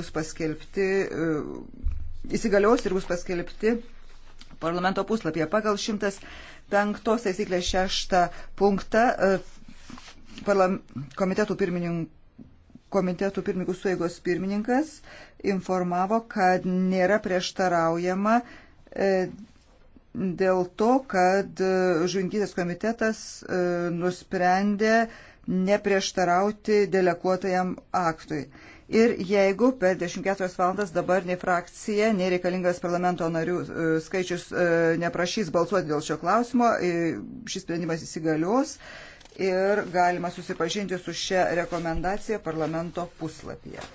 bus paskelbti, e, įsigalios ir bus paskelbti parlamento puslapyje. Pagal 105 taisyklės 6 punktą e, komitetų pirmininkų komitetų pirmininkų suėgos pirmininkas informavo, kad nėra prieštaraujama e, dėl to, kad žuvinkytės komitetas nusprendė neprieštarauti deleguotajam aktui. Ir jeigu per 24 valandas dabar nei frakcija, nei reikalingas parlamento narių e, skaičius e, neprašys balsuoti dėl šio klausimo, e, šis sprendimas įsigalios ir galima susipažinti su šia rekomendacija parlamento puslapyje.